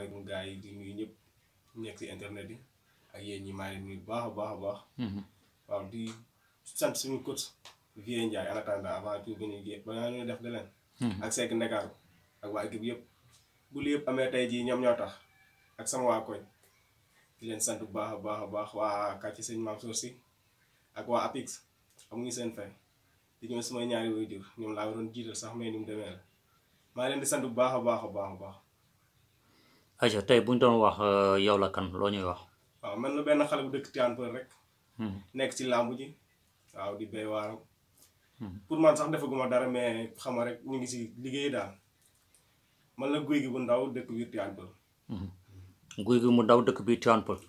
asalaamaaleykum gars yi di nuyu ñëpp nekk ci internet yi ak yéen ñi maa ngi nuyu baax a baax a baax. Mhm. waaw di sant suñu coach Vieux Ndiaye en attendant avant tout ba ñuy a ba ñu def leneen. Mhm. ak Seck Ndakaaru ak waa équipe yëpp. bu li yëpp ñoo tax ak sama waa di leen sant bu baax a baax a baax waa quartier sëñ Mansour si ak waa APIX amuñu seen fay di ñëw sumay ñaari waajur ñoom laa waroon jiital sax may ni mu demee la maa leen di sant baax a baax a baax. ayca tey bu ñu doon wax euh, yow la kan loo ñuy wax. man la benn xale bu dëkk Tivaouane Peulh rek. Hmm. nekk ci làmb ji waaw di béy waaram. Hmm. pour man sax defaguma dara xam nga rek ñu ngi si liggéey daal man la guy gi bu ndaw dëkk hmm. mu ndaw dëkk biir Tivaouane Peulh.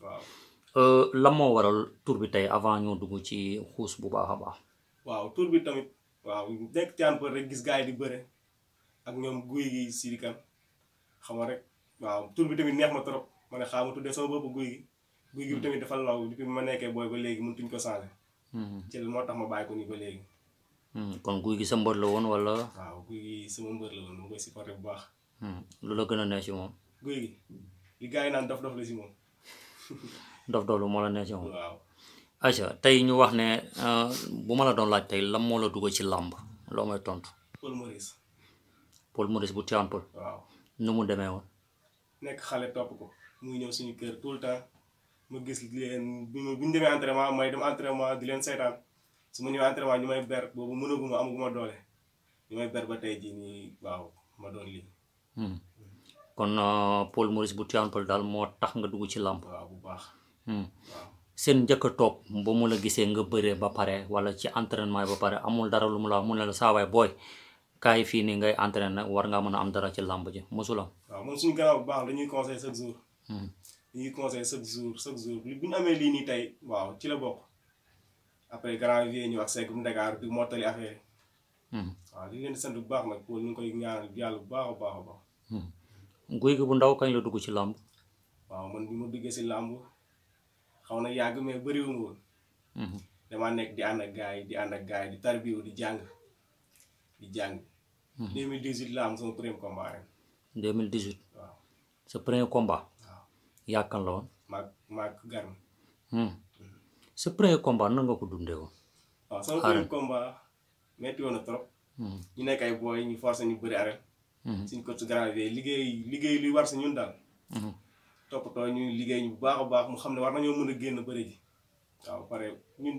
Euh, lan moo waral tur bi tey avant ñoo dugg ci xuus bu baax a baax. waaw tamit waaw nekk Tivaouane Peulh rek gis gaa yi di bëre ak ñoom guy gi si di kan xam nga rek. waaw tur bi tamit neex ma trop ma ne xaaral ma tuddee sama bopp guy gi. guy gi hmm. tamit dafa law depuis ma nekkee booy ba léegi mun mëntuñ ko changé. Hmm. ci la moo tax ma bàyyi ko nii ba léegi. Hmm, kon guy gi sa mbër la woon walla waaw guy gi sama mbër la woon ma koy supporté bu baax. lu gën a neex moom. guy gi yi naan dof la ci moom. dof-dof lu moo la neex tey ñu wax ne euh, bu ma la doon laaj tey lan moo la dugg ci làmb loo may tontu. Paul Maurice. Paul Maurice bu Tivaouane Peulh. waaw nu mu demee woon. nekk xale topp ko muy ñëw suñu kër tout le ma gis leen bi ñu demee entraînement may dem entraînement di leen seetaan su ma ñëwee entraînement ñu may ber boobu mënaguma amaguma doole ñu may ber ba tey jii nii waaw ma doon lii. Hmm. kon euh, Paul Maurice bu Tivaouane Peulh daal moo tax nga dugg ci làmb. waaw bu baax. Hmm. seen njëkk a toog ba mu la gisee nga bëree ba pare wala ci entraînement yi ba pare amul dara lu mu la wax mu ne la saa waay booy. kaay fii nii ngay entraîné nag war ngaa mën a am dara ci làmb ji mosul am. waaw moom suñu gannaaw bu baax dañuy conseil chaque jour. Hmm. dañuy conseil chaque jour chaque jour bu ñu amee lii nii tey waaw ci la bokk après grand vie ñu wax Seck mu Dakar bi mottali affaire yi. Hmm. waaw di leen sant bu baax nag pour ñu ngi koy ñaanal yàlla bu baax a baax a baax. Hmm. guy gi bu ndaw kañ la dugg ci làmb. waaw man bi ma duggee si làmb xaw na yàgg mais bëriwul woon. damaa nekk di ànd ak gars di ànd ak gars yi di tarbiw di jàng di jàng. 2018 mhm. la am sama premier combat ren. 2018. waaw sa premier combat. waaw yàkkan la woon. maag maag garmi. Hmm. Mhm. sa premier combat nan nga ko dundee woon. waaw sama premier combat metti woon na trop. Hmm. ñu nekk ay booy ñu forcé ñu bëri arène. Hmm. suñ ko ci garab yi liggéey liggéey luy war si ñun daal. toppatoo ñu liggéey ñu bu baax a baax mu xam ne war nañoo mën a génn bëri ji. waaw pare ñun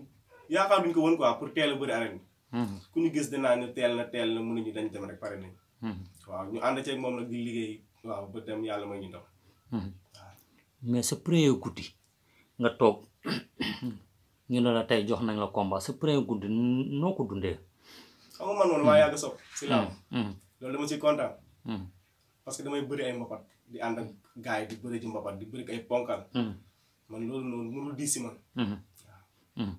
yaakaar duñ ko wën ko quoi pour teel a bëri arène bi. ku ñu gis dinaa ñu teel na teel na mënuñu dañ dem rek pare nañ. waaw ñu ànd ceeg moom nag di liggéey waaw ba dem yàlla may ñu dem. mais sa premier guddi nga toog ñu ne la tey jox nañ la combat sa premier guddi noo ko dundee. xam man man maa yàgg sob si laam. Mm, mm. loolu dama ciy kontaan. Mm. parce que damay bëri ay mbapat di ànd ak gars yi di bëri ci mbapat di bëri ay ponkal. man loolu noonu mënul diis man. Mm-hmm.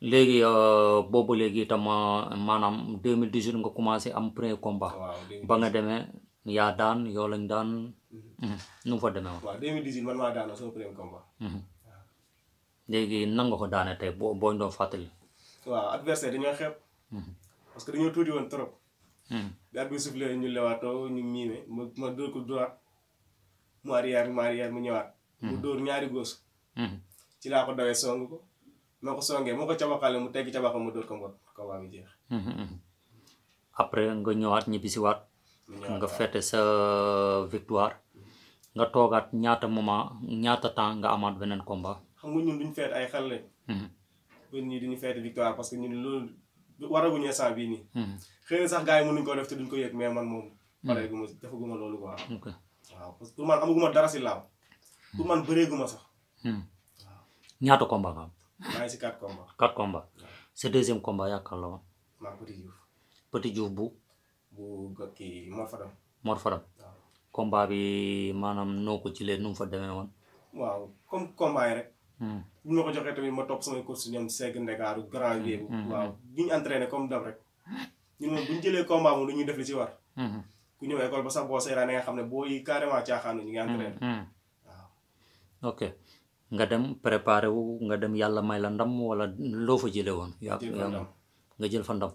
léegi euh, boobu léegi itam euh, maanaam 2018 nga commencé am premier combat. ba nga demee yaa daan yoo lañ daan. Mm-hmm. Mm-hmm. nu mu fa demee woon. waaw 2018 man maa daanoo sama premier combat. Mm-hmm. léegi nan ko daane tey boo boo ñu doon fàttali. waaw adversaire dañoo xeeb. parce que dañoo tuuti woon trop. bi at bi soufflé ñu lewaatoo ñu miime ma ma dóor ko mu arrière mu ñëwaat. mu dóor ñaari góos. ci laa ko dawee song moo ko songee moo ko cabaxale mu tegg cabaxam mu dóor ko mbot combat bi jeex. Hmm, hmm, hmm. après nga ñëwaat ñibbisiwaat. nga fete sa euh, victoire. nga toogaat ñaata moment ñaata temps nga amaat beneen combat. xam nga ñun duñ fête ay xel lañ. ñun ñii duñu fête victoire parce que ñun loolu waraguñu instant bii nii. xëy na sax gars yi mënuñ ko def te duñ ko yëg mais man moom. pare gu ma defaguma loolu quoi. ok waaw parce que pour man amaguma dara si laaw. pour man bëreeguma sax. waaw ñaata maa ngi si quatre combats. quatre combats sa deuxième combat yaakaar la woon. maa Petit Diouf. Petit Diouf bu. bu kii Mor Fadam. Mor Fadam. waaw combat bi maanaam noo ko jëlee nu mu fa demee woon. waaw comme comba yi rek. Hmm. bu ma ma topp samay course ñoom Seck Ndekaaru Grand Vieux. Hmm, hmm, rek. ñu jëlee combat moom lu ñuy def li si war. ku ñëw école ba sax boo seeraan nga xam ne boo yi carrément caaxaanu ñu ngi entraîné. ok. nga dem préparé wu nga dem yàlla may la ndam wala loo fa jële woon yaa nga jël fa ndam